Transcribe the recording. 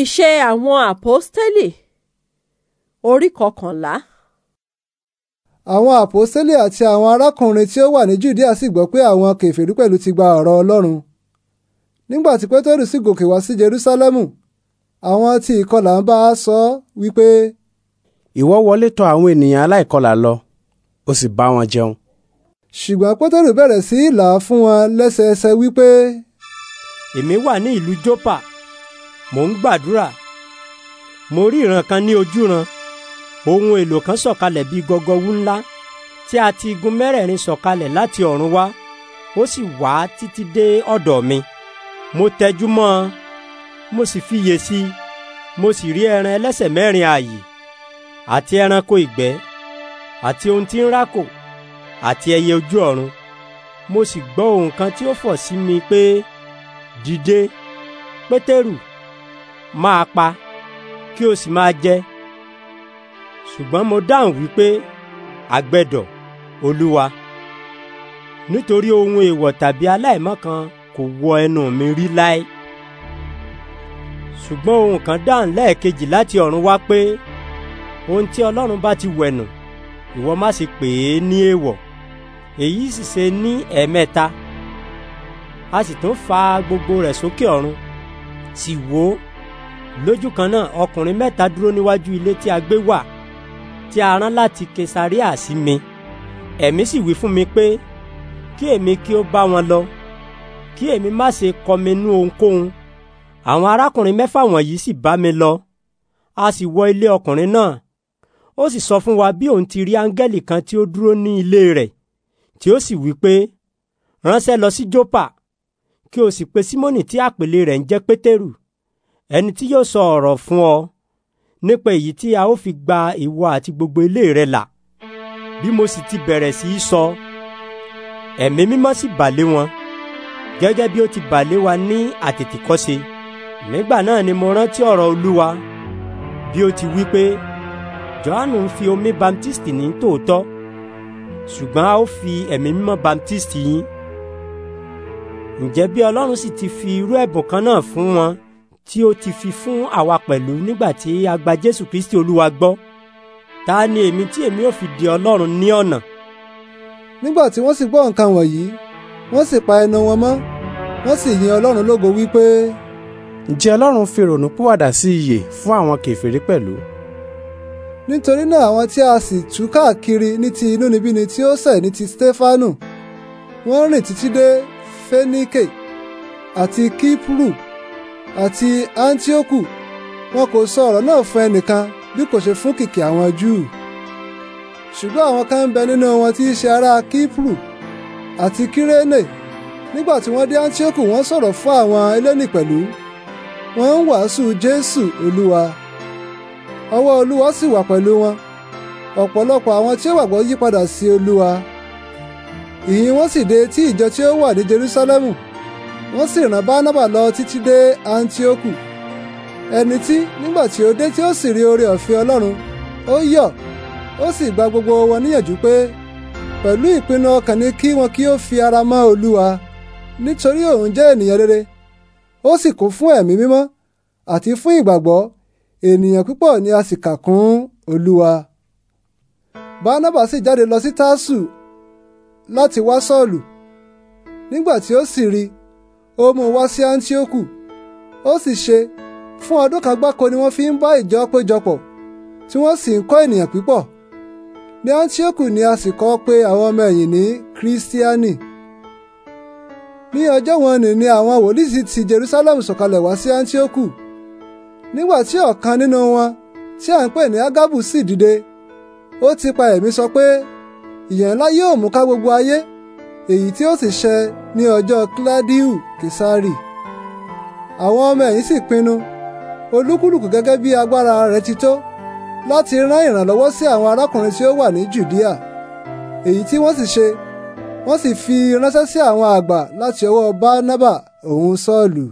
Iṣẹ́ àwọn àpọ́stélì orí kọkànlá. Àwọn àpọ́stélì àti àwọn arákùnrin tí ó wà ní Jùdíà sì gbọ́ pé àwọn kèfèrí pẹ̀lú ti gba ọ̀rọ̀ Ọlọ́run. Nígbà tí Pétérù sì gòkè wá sí Jerúsálẹ́mù, àwọn tí ìkọlà ń bá a sọ wípé. Ìwọ wọlé tọ̀ àwọn ènìyàn aláìkọlà lọ, ó sì bá wọn jẹun. Ṣùgbọ́n Pétérù bẹ̀rẹ̀ sí í fún wọn lẹ́sẹẹsẹ wípé. Èmi wà ní ìlú Jópa mò ń gbàdúrà mo rí ìran kan ní ojúran ohun èlò kan sọ̀kalẹ̀ bíi gọgọwú ńlá tí a ti igun mẹ́rẹ̀ẹ̀rin sọ̀kalẹ̀ láti ọ̀run wá ó sì wá títí dé ọ̀dọ̀ mi mo tẹjú mọ́ ọ mo sì fiyè sí i mo sì rí ẹran ẹlẹ́sẹ̀ mẹ́rin ààyè àti ẹranko ìgbẹ́ àti ohun tí ń rákò àti ẹyẹ ojú ọ̀run mo sì gbọ́ ohùn kan tí ó fọ̀ sí mi pé dìde pétérù máa pa kí o sì máa jẹ ṣùgbọ́n mo dáhùn wípé àgbẹ̀dọ̀ olúwa nítorí ohun èèwọ̀ tàbí aláìmọ́kan kò wọ ẹnu mi rí láé ṣùgbọ́n ohun kan dáhùn lẹ́ẹ̀kejì láti ọ̀run wá pé ohun tí ọlọ́run bá ti wẹ̀nù ìwọ má sì pè é ní èèwọ̀ èyí sì ṣe ní ẹ̀ẹ̀mẹ́ta a sì tún fa gbogbo rẹ̀ sókè ọ̀run sì wò lójú kan náà ọkùnrin mẹ́ta dúró níwájú ilé tí a gbé wà tí a rán láti kesaria sí mi ẹ̀mí sì wí fún mi pé kí èmi kí ó bá wọn lọ kí èmi má ṣe kọminú ohunkóhun àwọn arákùnrin mẹ́fà wọ̀nyí sì bá mi lọ a sì wọ ilé ọkùnrin náà ó sì sọ fún wa bí òun ti rí áńgẹ́lì kan tí ó dúró ní ilé rẹ̀ tí ó sì wí pé ránṣẹ́ lọ sí Jópa kí o sì pe Símónì tí àpèlé rẹ̀ ń jẹ́ Pétérù ẹni tí yóò sọ ọ̀rọ̀ fún ọ nípa èyí tí a ó fi gba ìwọ àti gbogbo ilé rẹ là bí mo sì ti bẹ̀rẹ̀ sí í sọ ẹ̀mí mímọ́ sì bà lé wọn gẹ́gẹ́ bí ó ti bà lé wa ní àtètèkọ́ṣe nígbà náà ni mo rántí ọ̀rọ̀ olúwa bí ó ti wí pé johannu fi omi baptisti ní tòótọ́ ṣùgbọ́n a ó fi ẹ̀mí mímọ́ baptisti yín ǹjẹ́ bí ọlọ́run sì ti fi irú ẹ̀bùn kan náà fún wọn tí ó ti fi fún àwa pẹ̀lú nígbà tí a gba Jésù Kristi Olúwa gbọ́ ta ni èmi tí èmi ò fi di Ọlọ́run ní ọ̀nà. nígbà tí wọ́n sì gbọ́ nǹkan wọ̀nyí wọ́n sì pa ẹnu wọn mọ́ wọ́n sì yin Ọlọ́run lógo wípé. ǹjẹ́ Ọlọ́run fi rònú pìwàdà sí iyè fún àwọn kèfèrí pẹ̀lú. nítorí náà àwọn tí a sì tú káàkiri ní ti inúnibíni tí ó ṣẹ̀ ní ti Stefanu wọ́n rìn títí dé Fẹ́níkè àti Kípùrù àti Áńtíókù wọn kò sọ ọ̀rọ̀ náà fún ẹnìkan bí kò ṣe fún kìkì àwọn Júù ṣùgbọ́n àwọn kan ń bẹ nínú wọn tí í ṣe ará Kípùrù àti Kírénè nígbà tí wọ́n dé Áńtíókù wọ́n sọ̀rọ̀ fún àwọn Elénì pẹ̀lú wọ́n ń wàásù Jésù Olúwa ọwọ́ Olúwa sì wà pẹ̀lú wọn ọ̀pọ̀lọpọ̀ àwọn tí ó wàgbọ́ yípadà sí Olúwa ìyìn wọn sì dé etí ìjọ tí ó wà ní Jerúsálẹ́mù wọ́n sì rán bánábà lọ títí dé antioku ẹni tí nígbà tí ó dé tí ó sì rí orí ọ̀fẹ́ ọlọ́run ó yọ̀ ó sì gba gbogbo wọn níyànjú pé pẹ̀lú ìpinnu ọkàn ni kí wọn kí ó fi ara mọ́ olúwa nítorí òun jẹ́ ènìyàn rere ó sì kún fún ẹ̀mí mímọ́ àti fún ìgbàgbọ́ ènìyàn púpọ̀ ni a sì kà kún olúwa bánábà sì jáde lọ sí tásù láti wá sọ́ọ̀lù nígbà tí ó sì rí i ó mú un wá sí Áńtíókù ó sì ṣe fún ọdún kan gbáko ni wọ́n fi ń bá ìjọ péjọpọ̀ tí wọ́n sì ń kọ́ ènìyàn púpọ̀ ní Áńtíókù ni a sì kọ́ pé àwọn ọmọ ẹ̀yìn ní kírísítíánì ní ọjọ́ wọn ni àwọn wòlíì sì ti Jerusalem sọ̀kalẹ̀ wá sí Áńtíókù nígbà tí ọ̀kan nínú wọn tí à ń pè ní Ágábù sì dìde ó ti pa ẹ̀mí sọ pé ìyẹn ńlá yóò mú ká gbogbo ayé èyí tí ó sì ṣẹ ní ọjọ́ Kladiu Kesari àwọn ọmọ ẹ̀yìn sì pinnu olúkúlùkù gẹ́gẹ́ bí agbára rẹ̀ ti tó láti rán ìrànlọ́wọ́ sí àwọn arákùnrin tí ó wà ní Jùdíà èyí tí wọ́n sì ṣe wọ́n sì fi ránṣẹ́ sí àwọn àgbà láti ọwọ́ Bánábà òun Sọ́ọ̀lù.